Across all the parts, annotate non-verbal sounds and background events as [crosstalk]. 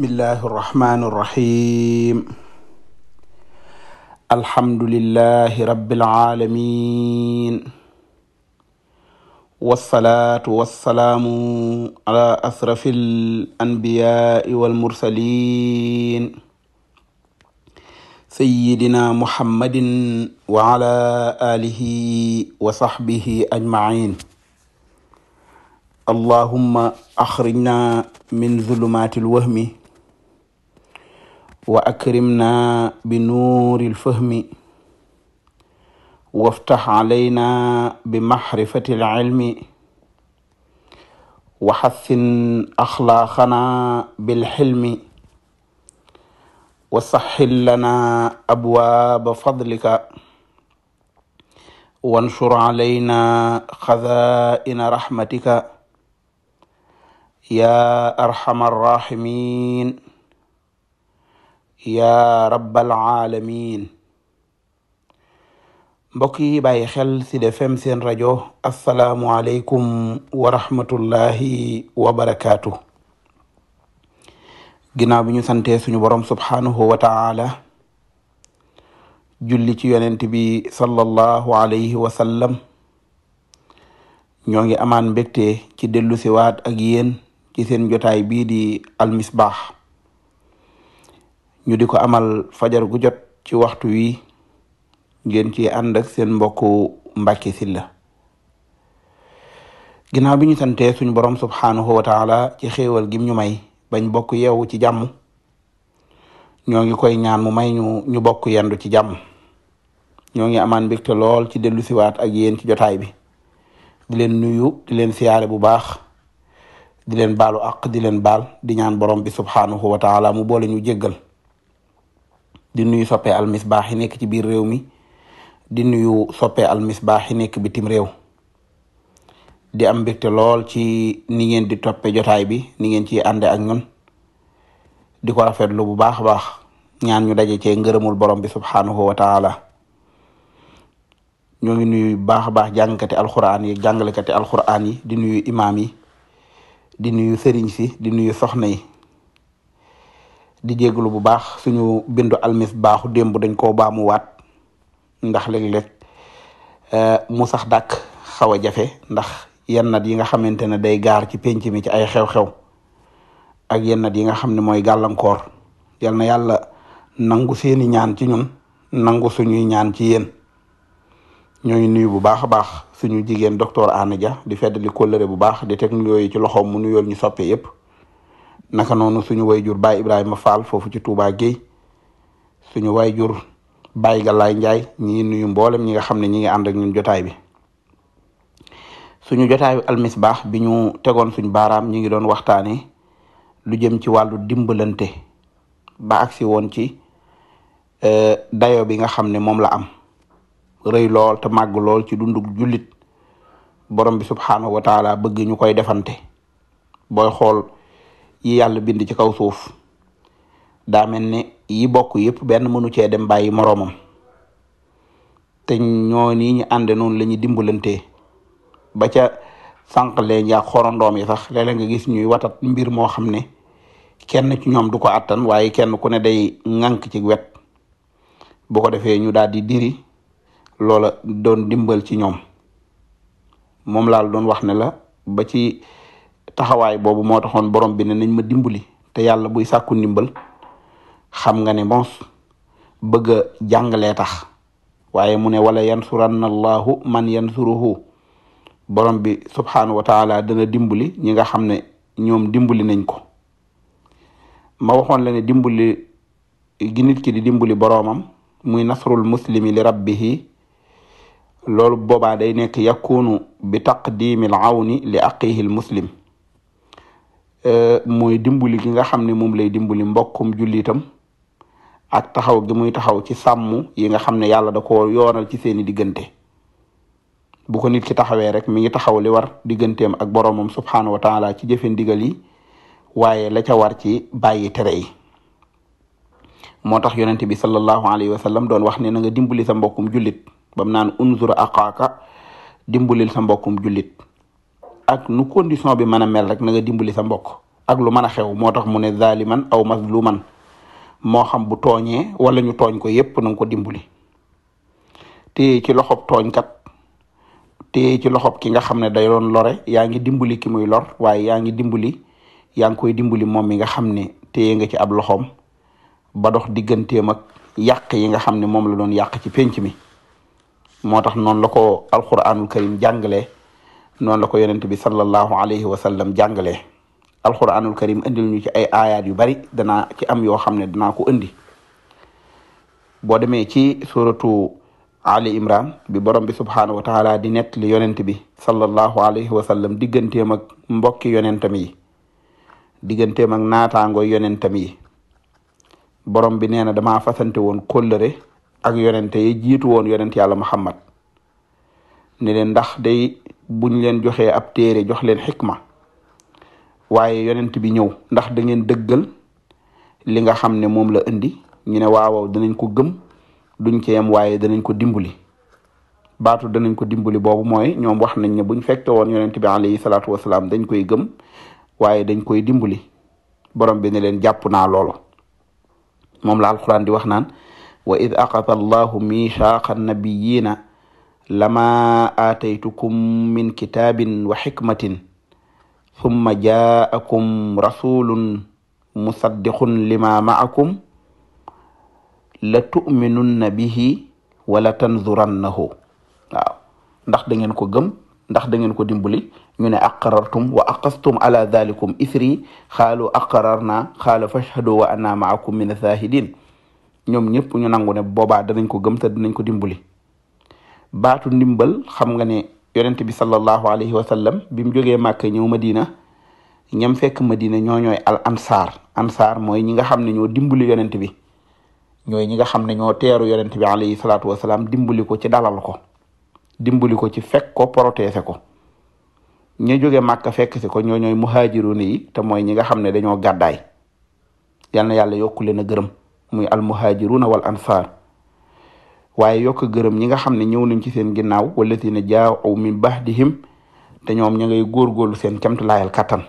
bismillahi irrahmani irrahim alhamdulillahi rabbil alamin wassalaatu wassalaamu ala asrafi al anbiyaai walmursalin sayidina muhammadin wa ala alihi wa sahbihi ajmain allahumma axrijna min zulumaati alwahmi wa akrimna bi nuuril fahmi waftax calayna bi maxrifatil cilmi wa xassin axlaaqana bil xilmi wa saxxil lana abwaaba fadlika wansur calayna xazaa'ina raxmatika yaa arxamar raaximiin yaa rabbal aalamiin mbokk yi bàyyi xel ci Sud seen rajo asalaamualeykum wa rahmatullahi wa barakaatu. ginnaaw bi ñu santee suñu borom subhaanahu wa julli ci yonent bi sallallahu alayhi wa sallam. ñoo ngi amaan mbégte ci dellu siwaat ak yéen ci seen jotaay bii di almisbaax ñu di ko amal fajar gu jot ci waxtu wi ngeen ci ànd seen mbokku Mbàkke Sylla ginaaw bi ñu santee suñu borom subhaanahu wa taala ci xéewal gim ñu may bañ bokk yeewu ci jàmm ñoo ngi koy ñaan mu may ñu ñu bokk yendu ci jàmm ñoo ngi amaan mbégte lool ci dellu siwaat ak yéen ci jotaay bi di leen nuyu di leen siyaare bu baax di leen baalu àq di leen baal di ñaan borom bi subhaanahu wa taala mu boole ñu jéggal di nuyu soppee soppe almisbaax yi nekk ci biir réew mi di nuyu soppee soppe almisbaax yi nekk bitim réew di am mbégte lool ci ni ngeen di toppee jotaay bi ni ngeen ci ànde ak ñun di ko rafetlu bu baax a baax ñaan ñu daje cee ngërëmul borom bi subhaanahu wa taala ñoo ngi nuyu baax a baax jàngkati alxuraan yi jàngalekati alxuraan yi di nuyu imaam yi di nuyu sëriñ si di nuyu soxna yi di jégalu bu baax suñu bindu almis baaxu démb dañ koo baamuwaat ndax léeg-léeg eh, mu sax dàkk xaw jafe ndax yennat yi nga xamante ne day gaar ci penc mi ci ay xew ak yennat yi nga xam ne mooy gàllankoor yal na yàlla nangu seeni ñaan ci ñun nangu suñuy ñaan ci yéen ñooy nuyu bu baax a baax suñu jigéen docteur Anadia di feddali kóllëre bu baax di teg nuyoo ci loxoom mu nuyool ñu soppee yépp naka noonu suñu wayjur Baye Ibrahima Fall foofu ci Touba Guèye suñu wayjur Baye Galaye Ndiaye ñi nuyu mboolem ñi nga xam ne ñi ngi ànd ak ñun jotaay bi suñu bi jotaayu baax bi ñu tegoon suñu baaraam ñi ngi doon waxtaane lu jëm ci wàllu dimbalante ba agsi woon ci euh, dayo bi nga xam ne moom la am rëy lool te màgg lool ci dundug julit borom bi subhaanahu wa taala bëgg ñu koy defante booy xool yi yàlla bind ci kaw suuf daa mel ne yi bokk yëpp benn mënu cee dem bàyyi moroomam te ñoo nii ñu ànd noonu la dimbalante ba ca sànq leen yaa xorondoom yi sax léeg nga gis ñuy watat mbir moo xam ne kenn ci ñoom du ko attan waaye kenn ku ne day ŋànk ci wet bu ko defee ñu daal di diri loola doon dimbal ci ñoom moom laal doon wax ne la ba ci taxawaay boobu moo taxoon borom bi ne nañ ma dimbali te yàlla buy sàkku ndimbal xam nga ne mons bëgg a jàngalee tax waaye mu ne wala yansuranna allahu man yansuruhu borom bi subhaanahu wa dana dimbali ñi nga xam ne ñoom dimbali nañ ko ma waxoon la ne dimbali gi ki di dimbali boroomam muy nasrul muslimi li rabbihi loolu boobaa day nekk yakunu bi taqdimil awni li aqihi muslim Euh, mooy dimbali gi nga xam ne moom lay dimbali mbokkum jullitam ak taxaw gi muy taxaw ci sàmm yi nga xam ne yàlla da ko yoonal ci seeni diggante bu ko nit ki taxawee rek mi ngi taxaw li war digganteem ak boroomam subhaanahu wa taala ci jëfe ndigal yi waaye la ca war ci bàyyi tere yi moo tax yonente bi sallallahu alayhi wa sallam doon wax ne nga dimbali sa mbokkum jullit bam naan unzur aqaaka dimbalil sa mbokkum jullit ak nu condition bi mën a mel rek na nga dimbali sa mbokk ak lu mën a xew moo tax mu ne zaliman aw mazluman moo xam bu tooñee wala ñu tooñ ko yépp na nga ko dimbali téye ci tooñ kat te ci loxob ki nga xam ne day doon lore yaa ngi dimbali ki muy lor waaye yaa ngi dimbali yaa ngi koy dimbali moom mi nga xam ne téye nga ci ab loxoom badox dox digganteem yàq yi nga xam ne moom la doon yàq ci pénc mi moo tax noonu la ko alquranul karim jàngalee noonu la ko yonent bi sallallahu alayhi wa sallam jàngalee alquranul karim indil ñu ci ay aayaat yu bari danaa ci am yoo xam ne danaa ko indi boo demee ci suratu ali imran bi borom bi subhaanahu wa di nettali yonent bi sallallahu alayhi wa sallam digganteem ak mbokki yonentam yi digganteem ak naataango yonentam yi borom bi nee na damaa fasante woon kóllëre ak yonente yi jiitu woon yonent yàlla muhammad ne leen ndax buñ leen joxee ab téere jox leen xikma waaye yonent bi ñëw ndax da ngeen dëggal li nga xam ne moom la indi ñu ne waawaw danañ ko gëm duñ ci yem waaye danañ ko dimbali baatu danañ ko dimbali boobu mooy ñoom wax nañ ne buñ fekte woon yonent bi alayhi salaatu wasalaam dañ koy gëm waaye dañ koy dimbali borom bi ne leen jàpp naa loolo moom la alquran di wax naan wa id aqata allahu michaaqa annabiyina lama aataytukum min kitaabin wa xikmatin summa jaakum rasulun musaddiqun lima maakum la tu'minunna bihi wala tanzurannahu ndax da ko gëm ndax da ko dimbali ñu ne aqarartum wa aqastum ala dalikum isri xaalu aqararna xaala fashhadu wa anna maakum min ashahidin ñoom ñëpp ñu nangu ne boobaa danañ ko gëm te dinañ ko dimbali baatu ndimbal xam nga ne yonent bi sallallahu alayhi wa sallam bi mu jógee màkk ñëw madina ñam fekk madina ñoo ñooy al ansaar ansaar mooy ñi nga xam ne ñoo dimbali yonent bi ñooy ñi nga xam ne ñoo teeru yonent bi alayhi salaatu wa salaam dimbali ko ci dalal ko dimbali ko ci fekk ko protéger ko ña jóge màkk fekk si ko ñoo ñooy muhaajiruuna yi te mooy ñi nga xam ne dañoo gàddaay yal na yàlla yokku leen a gërëm muy al na wal ansaar waaye yokk gërëm ñi nga xam ne ñëw nañ ci seen ginnaaw wallatina jaaw min bahdihim te ñoom ña ngay góorgóorlu seen camtulaayal kàttan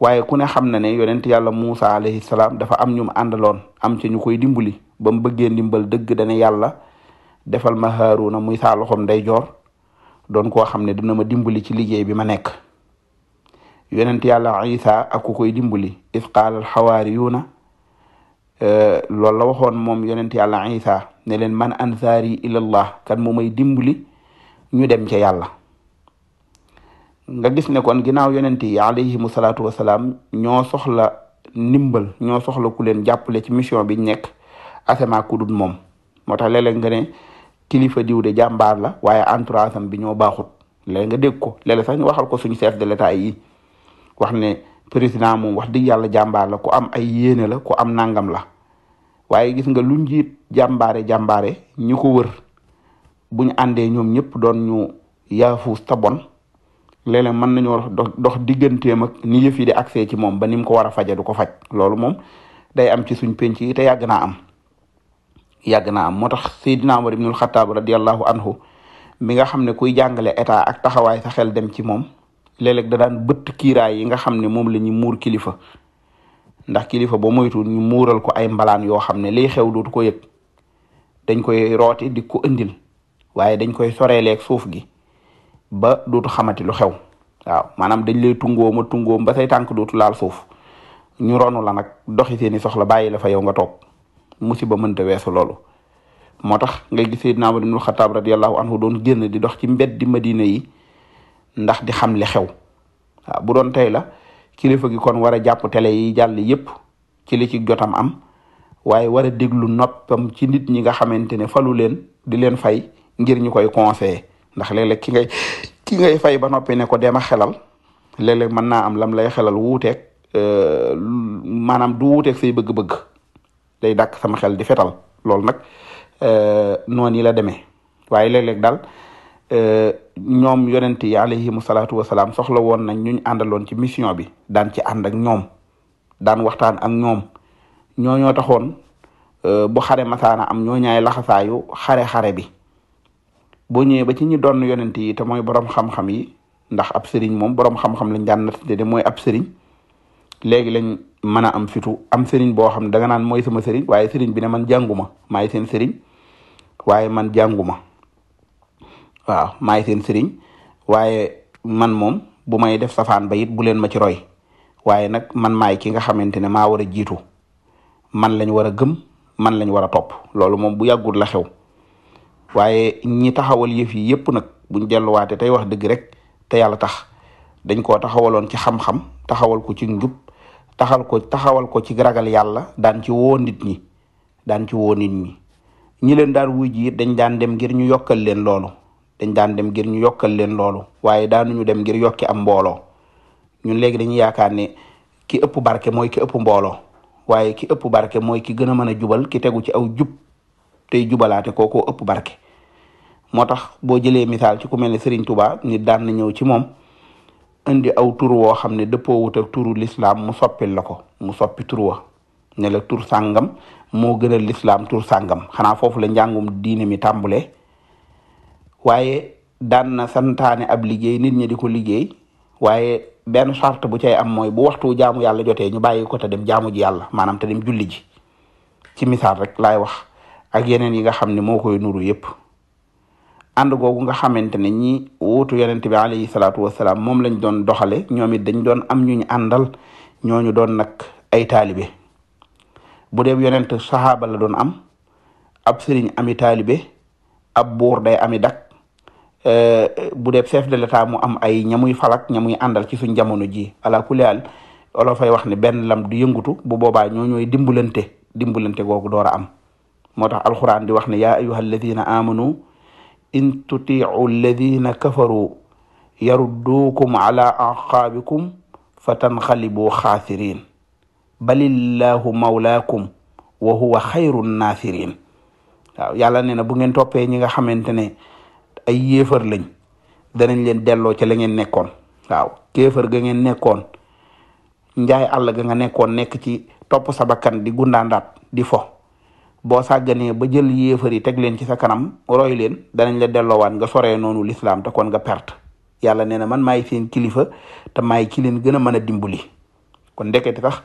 waaye ku ne xam na ne yonent yàlla Muusa alayhi salaam dafa am ñu mu àndaloon am ci ñu koy dimbali ba mu bëggee ndimbal dëgg dana yàlla defal ma na muy saa loxoom ndeyjoor doon koo xam ne dina ma dimbali ci liggéey bi ma nekk yonent yàlla Isa ak ku koy dimbali is qaala alxawaariyuuna Euh, loolu la waxoon moom yonent yàlla isa ne leen man ansaari ilallah kan moom may dimbali ñu dem ca yàlla nga gis ne kon ginnaaw yonent yi alayhimu salaatu ñoo soxla ndimbal ñoo soxla ku leen jàppale ci mission bi nekk asama ku dul moom moo tax léeg-léeg nga ne kilifa diw de jàmbaar la waaye entourage am bi ñoo baaxut léeg nga dégg ko léeg sax ñu waxal ko suñu chef de l'état yi wax ne président moom wax dëgg yàlla jàmbaar la ku am ay yéene la ku am nangam la waaye gis nga lu njiit jàmbaare jàmbaare ñi ko wër bu ñu àndee ñoom ñëpp doon ñu yaafuus ta bon léeg-léeg mën nañoo dox dox digganteem ak ni yëf yi di ci moom ba ni mu ko war a faje du ko faj loolu moom day am ci suñ penc yi te yàgg naa am yàgg na am moo tax Seydina Umar ibnul Xattaab radiallahu anhu mi nga xam ne kuy jàngale état ak taxawaay sa xel dem ci moom léeg-léeg da daan bëtt kiiraay yi nga xam ne moom la ñu muur kilifa ndax kilifa boo moytu ñu muural ko ay mbalaan yoo xam ne lay xew dootu ko yëg dañ koy rooti di ko indil waaye dañ koy soreeleeg suuf gi ba dootu xamati lu xew waaw maanaam dañ lay tungooma tungoom ba say tànk dootu laal suuf ñu ronu la nag doxi seeni soxla bàyyi la fa yow nga toog musiba mënta weesu loolu moo tax ngay gis Seydina Umar ibnul Xataab radiyallahu anhu doon génn di dox ci mbedd di Madina yi ndax di xam li xew waaw bu doon tey la kilifa gi kon war a jàpp télé yi jàll yépp ci li ci jotam am waaye war a déglu noppam ci nit ñi nga xamante ne falu leen di leen fay ngir ñu koy conseiller ndax léeg-léeg ki ngay ki ngay fay ba noppi ne ko dema xelal léeg mën naa am lam lay xelal wuuteeg euh, maanaam du wuuteeg say bëgg-bëgg day dàkk sama xel di fetal loolu nag euh, noonu yi la demee waaye léeg-léeg Euh, ñoom yonent yi alayhimu salaatu wasalaam soxla woon nañ ñu àndaloon ci mission bi daan ci ànd ak ñoom daan waxtaan ak ñoom ñooñoo taxoon euh, bu xare masaana am ñoo ñaay laxasaayu xare-xare bi boo ñëwee ba ci ñi doon yonent yi te mooy borom xam-xam yi ndax ab sëriñ moom borom xam-xam lañ daan nattante de mooy ab sëriñ léegi lañ mën a am fitu am sëriñ boo xam ne danga naan mooy sama sëriñ waaye sëriñ bi ne man jànguma maay seen sëriñ waaye man jànguma waaw maay seen sëriñ waaye man moom bu may def safaan ba it bu leen ma ci roy waaye nag man maay ki nga xamante ne maa war a jiitu man lañ war a gëm man lañ war a topp loolu moom bu yàggul la xew waaye ñi taxawal yëf yi yépp nag buñ delluwaate tey wax dëgg rek te yàlla tax dañ koo taxawaloon ci xam-xam taxawal ko ci njub taxal ko taxawal ko ci ragal yàlla daan ci woo nit ñi daan ci woo nit ñi ñi leen daan wuy jiit dañ daan dem ngir ñu yokkal leen loolu dañ daan dem ngir ñu yokkal leen loolu waaye daanuñu dem ngir yokki am mbooloo ñun léegi dañuy yaakaar ne ki ëpp barke mooy ki ëpp mbooloo waaye ki ëpp barke mooy ki gën a mën a jubal ki tegu ci aw jub tey jubalaate ko ëpp barke moo tax boo jëlee misaal ci ku mel ne Serigne Touba nit daan na ñëw ci moom andi aw tur woo xam ne dëppoo wutal ak turu lislaam mu soppil la ko mu soppi tur wa ne la tur sangam moo gënal lislaam tur sàngam xanaa foofu la njàngum diine mi tàmbulee waaye daan na santaane ab liggéey nit ñi di ko liggéey waaye benn chart bu cay am mooy bu waxtu jaamu yàlla jotee ñu bàyyi ko te dem jaamu ji yàlla maanaam te dem julli ci misaal rek laay wax ak yeneen yi nga xam ne moo koy nuru yépp ànd googu nga xamante ne ñi wuutu yonent bi alayhi salaatu wasalaam moom lañ doon doxale ñoomit it doon am ñu ñu àndal ñooñu doon nag ay taalibe bu dee yonent saxaaba la doon am ab sëriñ ami taalibe ab buur day ami dak Euh, bu dee chef de mu am ay ñamuy falak ñamuy àndal ci suñ jamono ji ala kuleyal olo fay wax ne benn lam du yëngutu bu boobaa ñoo ñooy dimbalante dimbalante googu door a am moo tax alxuraan di wax ne yaa ayuha alladina amanu in tutiu alladina kafaru yarudduukum ala aqaabikum fa tanxalibu xaasirin balillahu mawlaakum wa huwa xayru naasirin waaw yàlla ne na xamante ne ay yéefar lañ danañ leen delloo ci la ngeen nekkoon waaw kéefar ga ngeen nekkoon njaay àll ga nga nekkoon nekk ci topp sa bakkan di gundaandaat di fo boo sàgganee ba jël yéefar yi teg leen ci sa kanam roy leen danañ la delloowaat nga soree noonu lislaam te kon nga perte yàlla nee na man maay seen kilifa te maay ki leen gën a mën a dimbali kon ndekete tax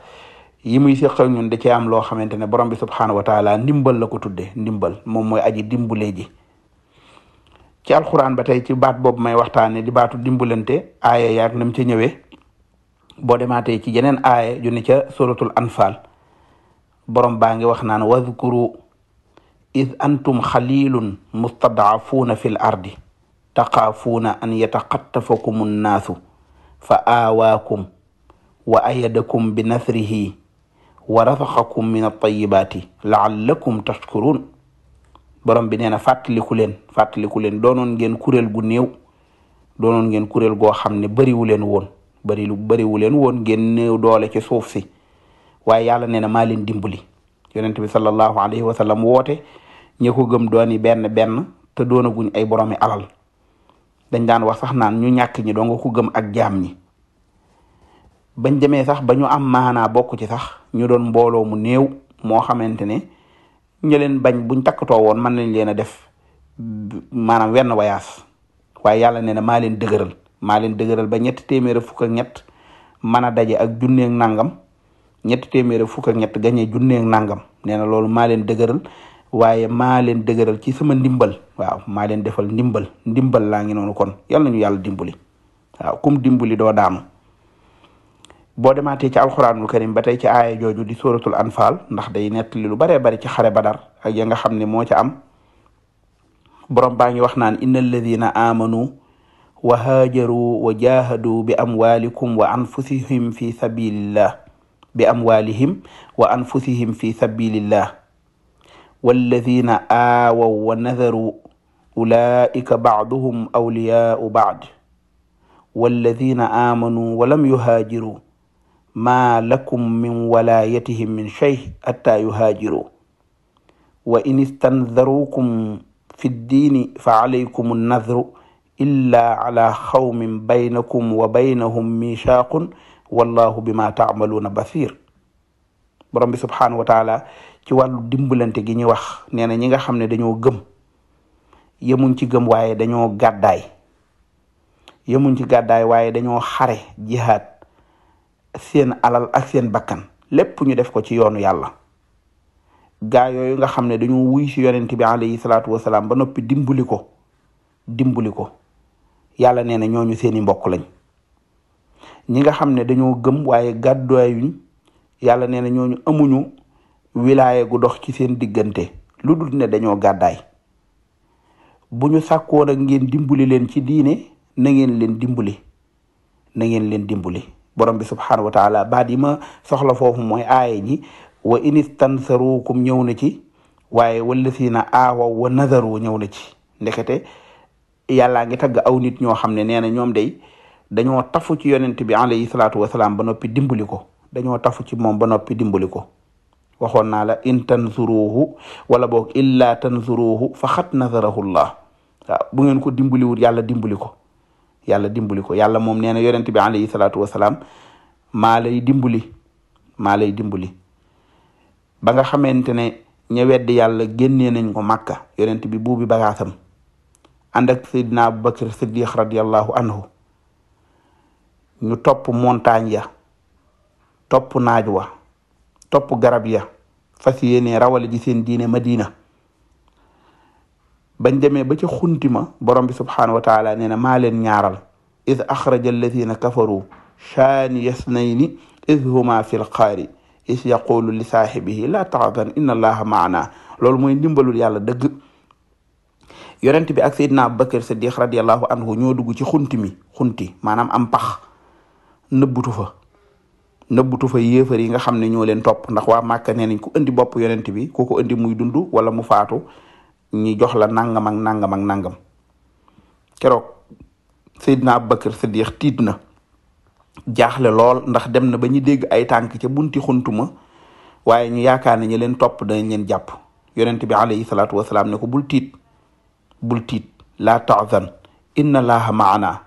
yi muy séqal ñun da cee am loo xamante ne borom bi subxanahu wa taala ndimbal la ko tudde ndimbal moom mooy aji dimbulee ji. ci alxuraan ba tey ci baat boobu may waxtaanee di baatu dimbalante aaya yaag nam ca ñëwee boo demaatee ci yeneen aaya ju ca suratul anfal borom baa ngi wax naan wadkuru id antum xalilun mustadacafuuna fi l ardi taxaafuuna an yataxattafakum nnaasu fa aawaakum wa ayadakum bi nasrihi wa rasaxakum min altayibaati laallakum tashkuruun borom bi nee na fàttaliku leen fàttaliku leen doonoon ngeen kuréel gu néew doonoon ngeen kuréel goo xam ne bariwu leen woon bari bariwu leen woon ngeen néew doole ci suuf si waaye yàlla nee na maa leen dimbali yonent bi sallallahu alayhi wa sallam woote ña ko gëm dooni benn benn te doonaguñ ay boromi alal dañ daan wax sax naan ñu ñàkk ñi doo ku ko gëm ak jam ñi bañ demee sax ba ñu am maanaa bokk ci sax ñu doon mbooloo mu néew moo xamante ne ñu bañ buñ takkatoo woon mën nañ leen a def maanaam wenn wayaas waaye yàlla nee na maa leen dëgëral maa leen dëgëral ba ñetti téeméer fukk ñett mën daje ak junneeg nangam ñetti téeméer fukk ñett gañe junneeg nangam nee na loolu maa leen dëgëral waaye maa leen dëgëral ci sama ndimbal waaw maa leen defal ndimbal ndimbal laa ngi noonu kon yal nañu yàlla dimbali waaw kum dimbali doo daanu boo demaatee ci alxuraanul karim ba tey ci aaya jooju di suratul anfaal ndax day nettali lu baree ci xare badar ak ya nga xam ne moo ca am borom baa ngi wax naan inna alladina amanu wa haajaru wa jahadu bi amwalikum wa anfusihim fi sabilillah bi amwalihim wa anfusihim fi sabilillah walladina aawaw wa nazaru ulaika baaduhum awliyaau baad walladina amanu wa lam ma lakum min walayatihim min shay atta yuhaajiru wa in istandarukum fi ddiini fa alaykum annadru illa ala xawmin baynakum wa baynahum michaaqun wallahu bima taamaluuna basir borom bi subhaanahu wa ci wàllu dimbalante gi ñuy wax nee ñi nga xam ne dañoo gëm yemuñ ci gëm waaye dañoo gàddaay yemuñ ci gàddaay waaye dañoo xare jihaad seen alal ak seen bakkan lépp ñu def ko ci yoonu yàlla gaa yooyu nga xam ne dañu wuy si yonent bi alayhi salaatu wasalaam ba noppi dimbali ko dimbali ko yàlla nee na ñooñu seeni mbokk lañ ñi nga xam ne dañoo gëm waaye gàddaayuñ yàlla nee na ñooñu amuñu wilaaye gu dox ci seen diggante lu dul ne dañoo gàddaay bu ñu sàkkoon ak ngeen dimbali leen ci diine na ngeen leen dimbali na ngeen leen dimbali borom bi subxanahu wa taala baat yi ma soxla foofu mooy aaya ji wa inistansarukum ñëw na ci waaye wallasina aawaw wa nazaru ñëw na ci ndekete yàllaa ngi tagg aw nit ñoo xam ne nee na ñoom day dañoo tafu ci yonent bi alayhi salaatu wasalaam ba noppi dimbali ko dañoo tafu ci moom ba noppi dimbali ko waxoon naa la wala boog illa tansuruhu fa xat nazarahu llah waaw bu ngeen ko dimbaliwul yàlla dimbali ko yàlla dimbali ko yàlla moom nee na yonent bi alayhi salaatu wasalaam ma lay dimbali maa lay dimbali ba nga xamante ne ña weddi yàlla génnee nañ ko màkka yonent bi buubi bagaasam ànd ak sayidina abubakar siddiq radiallahu anhu ñu topp montagne ya topp naaj wa topp garab ya fas yéene rawale ji seen diine ma diina bañ demee ba ci xuntima borom bi subhaanahu wa taala nee na maa leen ñaaral id axraja alladina kafaru shaani yasnayni id huma fi lxaari is yaqulu li saaxibihi laa taxzan inna maana loolu mooy ndimbalul yàlla dëgg yonent bi ak sayidna abubakar siddiq radiallahu anhu ñoo dugg ci xunti mi xunti maanaam am pax nëbbutu fa nëbbutu fa yéefar yi nga xam ne ñoo leen topp ndax waa màkka nee nañ ku indi bopp yonent bi ku ko indi muy dund wala mu faatu ñi jox la nangam ak nangam ak nangam keroog Seydina Abubakar Siddiq tiit na jaaxle lool ndax dem na ba ñu dégg ay tànk ca bunti xuntuma waaye ñu yaakaar ne ñi leen topp danañ leen jàpp yonent bi alayhi salaatu wasalaam ne ko bul tiit bul tiit laa tahzan inna laaha maana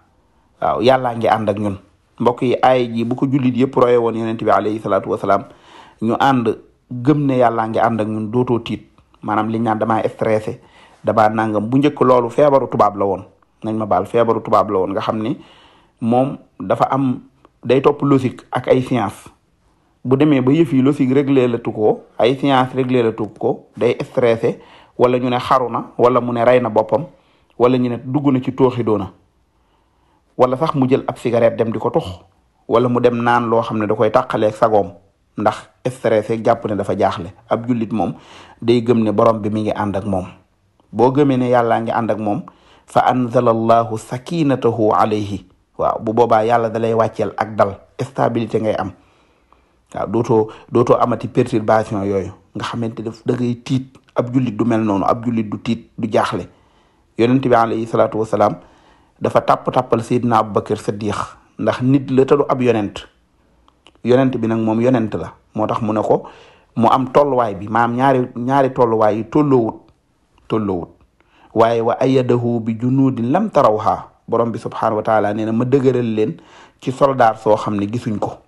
waaw yàllaa ngi ànd ak ñun mbokk yi bu ko jullit yëpp roye woon yonent bi alayhi salaatu wasalaam ñu ànd gëm ne yàllaa ngi ànd ak ñun dootoo tiit maanaam liñ naan damaa stressé damaa nangam bu njëkk loolu feebaru tubaab la woon nañ ma baal feebaru tubaab la woon nga xam ni moom dafa am day topp logique ak ay science bu demee ba yëf yi logique réglé la tu ko ay science réglé la tu ko day stressé wala ñu ne xaru na wala mu ne rey na boppam wala ñu ne dugg na ci tooxi doona wala sax mu jël ab cigarette dem di ko tux wala mu dem naan loo xam ne da koy tàqaleeg sagoom ndax stressé jàpp ne dafa jaaxle ab jullit moom day gëm ne borom bi mi ngi ànd ak moom boo gëmee ne yàllaa ngi ànd ak moom fa anzala allahu sakinatahu alayhi waaw bu boobaa yàlla dalay wàcceel ak dal stabilité ngay am waaw dootoo dootoo amati perturbation yooyu nga xamante daf da ngay tiit ab jullit du mel noonu ab jullit du tiit du jaaxle yonent bi alayhi salaatu wasalaam dafa tapal tàpp-tàppal sayyidina abubakar saddiq ndax nit la te du ab yonent yonent bi nag moom yonent la moo tax mu ne ko mu am tolluwaay bi ma am ñaari tolluwaay yi tolloowut tolloowut waaye wa ayyadahu bi junuudin lam tarawha borom bi subhaanahu wa taala nee na ma dëgëral leen ci soldaar soo xam ne gisuñ ko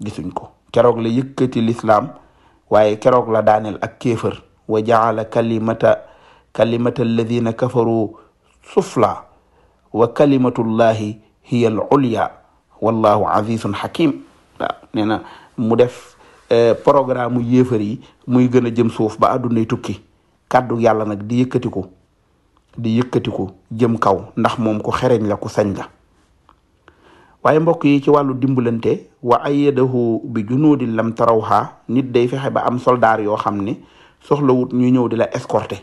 gisuñ ko keroog la yëkkati lislaam waaye keroog la daaneel ak kéefër wa jaala kalimata kalimata alladina kafaru sufla wa kalimatullahi hiya al wallahu azizun hakim nee na mu def euh, programme mu yéefar yi muy gën a jëm suuf ba àddunay tukki kàddu yàlla nag di yëkkatiku di yëkkatiku jëm kaw ndax moom ku xereñ la ku sañ la waaye mbokk yi ci wàllu dimbalante wa ayyadahu bi junuudin lam tarawha nit day fexe ba am soldaar yoo xam ne soxlawut ñu ñëw di la escorter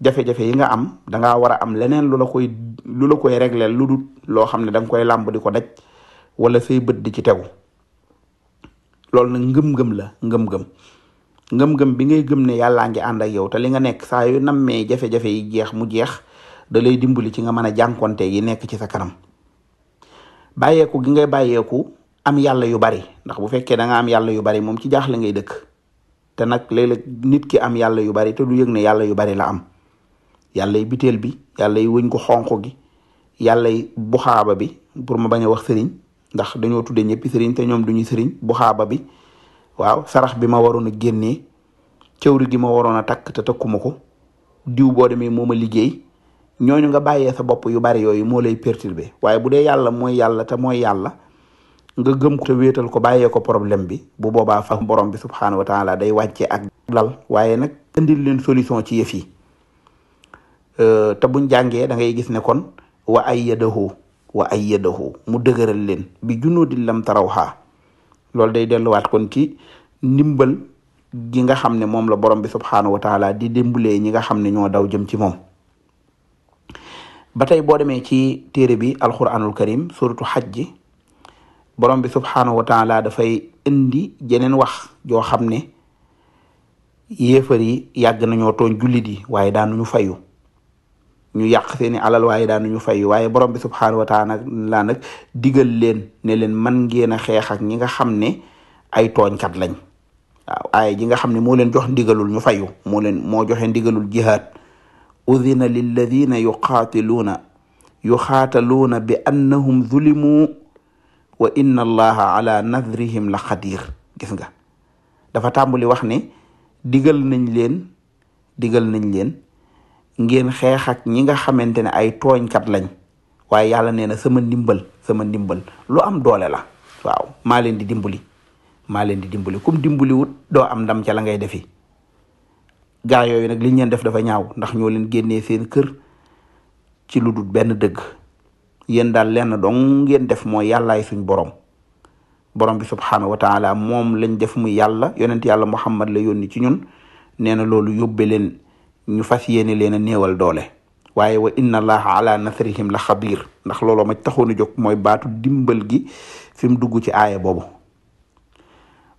jafe-jafe yi nga am dangaa war a am leneen lu la koy lu la koy régler lu dul loo xam ne danga koy làmb di ko daj wala say bët di ci tegu loolu nag ngëm-ngëm la ngëm-ngëm ngëm-ngëm bi ngay gëm ne yàllaa ngi ànd ak yow te li nga nekk saa yu nammee jafe-jafe yi jeex mu jeex da lay dimbali ci nga mën a jànkonte yi nekk ci sa kanam bàyyeeku gi ngay bàyyeeku am yàlla yu bari ndax bu fekkee da nga am yàlla yu bari moom ci jaaxle ngay dëkk te nag léeg-léeg nit ki am yàlla yu bari te du yëg ne yàlla yu bari la am yàlla yi biteel bi yàlla yi wëñ ko xonq gi yàlla yi buxaaba bi pour ma bañ a wax sëriñ ndax dañoo tuddee ñëppi sëriñ te ñoom duñu sëriñ bu xaaba bi waaw sarax bi ma waroon a génnee cëwri gi ma waroon a takk te takkuma ko diw boo demee moo ma liggéey ñooñu nga bàyyee sa bopp yu bari yooyu moo lay perturbé waaye bu dee yàlla mooy yàlla te mooy yàlla nga gëm ko te wéetal ko bàyyee ko problème bi bu boobaa fa borom bi subxanahu wa taala day wàccee ak lal waaye nag indil leen solution ci yëf yi euh, te buñ jàngee da ngay gis ne kon wa ay yadahu wa ayyadahu mu dëgëral leen bi junuudin lam tarawha loolu day delluwaat kon ci ndimbal gi nga xam ne moom la borom bi subxanahu wa taala di dimbalee ñi nga xam ne ñoo daw jëm ci moom. ba tey boo demee ci téere bi alquranul karim suratu xajji borom bi subxanahu wa taala dafay indi jeneen wax joo xam ne yéefar yi yàgg nañoo tooñ jullit yi waaye ñu fayu. ñu yàq seen i alal daan daanuñu fay waaye borom bi subxanahu wa taala laa nag digal leen ne leen man ngeen a xeex ak ñi nga xam ne ay tooñkat lañ waaw ay ji nga xam ne moo leen jox digalul ñu fayu moo leen moo joxe ndigalul jihaad udina lilladina yuqaatiluuna yuxaataluuna bi annahum zulimu wa inna allaha ala nasrihim la xadir gis nga dafa tàmbali wax ne digal nañ leen digal nañ leen ngeen xeex ak ñi nga xamante ne ay tooñkat lañ waaye yàlla nee na sama ndimbal sama ndimbal lu am doole la waaw maa leen di dimbali maa leen di dimbali comme dimbali doo am ndam ca la ngay defi gaa yooyu nag liñ leen def dafa ñaaw ndax ñoo leen génnee seen kër ci lu dul benn dëgg yéen daal lenn dong ngeen def mooy yàllaay suñ borom borom bi subhaanahu wa taala moom lañ def muy yàlla yonent yàlla muhammad la yónni ci ñun nee loolu yóbbe leen ñu fas yéene leen a néewal doole waaye wa inna allaha ala nasrihim la xabiir ndax looloo ma taxoon a jóg mooy baatu dimbal gi fi mu dugg ci aaya boobu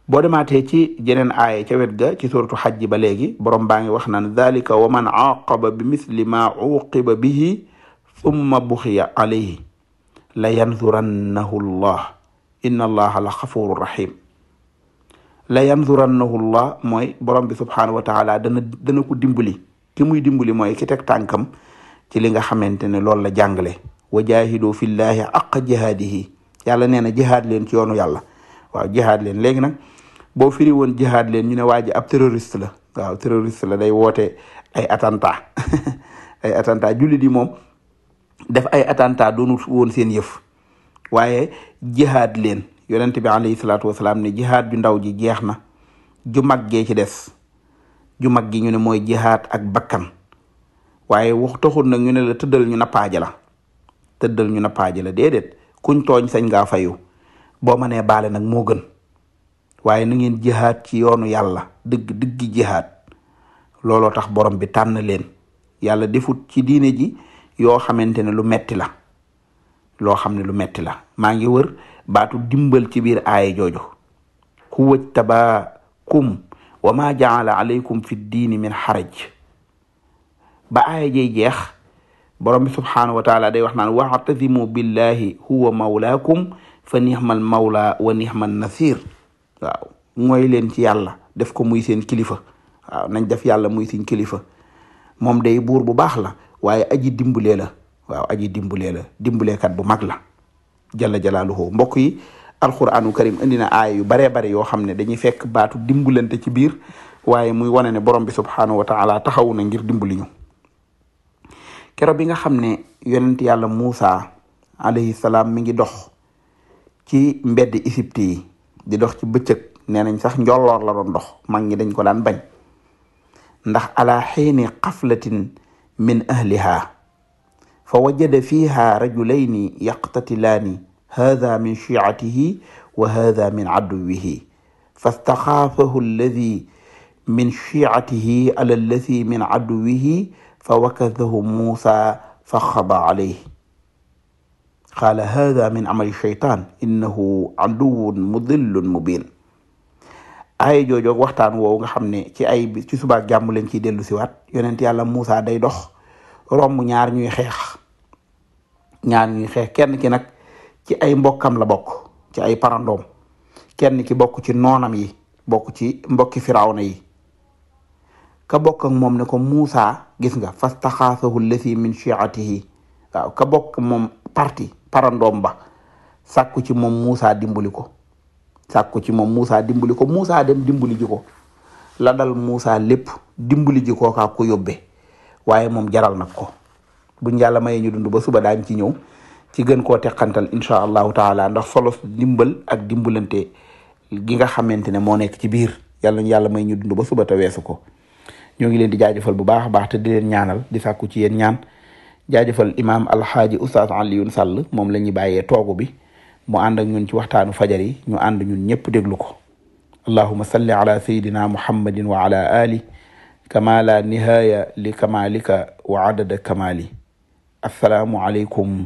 boo demaatee ci jeneen aaya ca wet ga ci suratu xajji ba léegi borom baa ngi wax naan dalika wa man aaqaba bi misli ma uqiba bihi summa buxiya alayhi la yanzurannahu llah inna allaha la xafuru rahim la yanzurannahu llah mooy borom bi subhanahu wa taala dana dana ko dimbali ki muy dimbali mooy kitek teg tànkam ci li nga xamante ne loolu la jàngale wa jaahidu fillahi aq jihaadihi yàlla nee na jihaad leen ci yoonu yàlla waaw jihaad leen léegi nag boo firi woon jihaad leen ñu ne waa ji ab terroriste la waaw terroriste la day woote ay attentat [laughs] ay attentat yi moom def ay attentat doonut woon seen yëf waaye jihaad leen yonent bi alayhi salaatu wasalaam ne jihaad ju ndaw ji jeex na ju mag gee ci des ju mag gi ñu ne mooy jihaat ak bakkan waaye wax taxul nag ñu ne la tëddal ñu nappaaje la tëddal ñu nappaaje la déedéet kuñ tooñ sañ ngaa fayu boo ma nee baale nag moo gën waaye na ngeen jihaat ci yoonu yàlla dëgg dëgg looloo tax borom bi tànn leen yàlla defut ci diine ji yoo xamante ne lu metti la loo xam ne lu metti la maa ngi wër baatu dimbal ci biir aaya jooju huwa kum wa ma jaala alaykum fi diini min xaraj ba aaya jey jeex borom bi subhaanahu wa taala day wax naan wa'tasimu billahi huwa mawlaakum fa nixmal mawla wa nixmal nasir waaw mooy leen ci yàlla def ko muy seen kilifa waaw nañ def yàlla muy seen kilifa moom day buur bu baax la waaye aji dimbalee la waaw aji dimbaleekat bu mag la jalla jalaaluhu mbokk yi alquranu karim indi na aaya yu baree bare yoo xam ne dañuy fekk baatu dimbulante ci biir waaye muy wane ne borom bi subhaanahu wa taala taxawu na ngir dimbali ñu bi nga xam ne yonent yàlla Muusa alayhi salaam mi ngi dox ci mbedd Égypte yi di dox ci bëccëg nee nañ sax njolloor la doon dox dañ ko daan bañ ndax ala xiini xaflatin min ahliha fa wajada fiha rajulayni yaqtatilaani hada min chiatihi wa hada min aduwihi fastaxaafahu alladi min chiatihi ala alladi min aduwihi fa wakadahu muusa fa xada alayhi qaala hada min amali cheytaan innahu aduwun mudillun mubin aaya joojoog waxtaan woowu nga xam ne ci ay ci subaa jàmm leen ciy dellu siwaat yonent yàlla Muusa day dox romb ñaar ñuy xeex ñaar ñuy xeex ci ay mbokkam la bokk ci ay parandoom kenn ki bokk ci noonam yi bokk ci mbokki firawna yi ka bokk ak moom ne ko Muusa gis nga fastaxaasahu lati min chiatihi waaw ka bokk moom parti parandoom ba sàkku ci moom Muusa dimbali ko sàkku ci moom Muusa dimbali ko Muusa dem dimbali ji ko la dal Muusa lépp dimbali ji kookaa ku yóbbe waaye moom jaral nag ko buñ yàlla mayee ñu dund ba suba daañ ci ñëw ci gën koo teqantal incha allahu taala ndax solo dimbal ak dimbalante gi nga xamante ne moo nekk ci biir yàlla yàlla may ñu dund ba suba te weesu ko ñoo ngi leen di jaajëfal bu baax a baax te di leen ñaanal di sàkku ci yéen ñaan jaajëfal imaam alxaaji oustaz Alioune Sall moom la bàyyee toogu bi mu ànd ak ñun ci waxtaanu fajar yi ñu ànd ñun ñëpp déglu ko allahuma salli ala sayidina muhammadin wa ala ali kama la nihaya li kamalika wa adada kamali assalaamu aleykum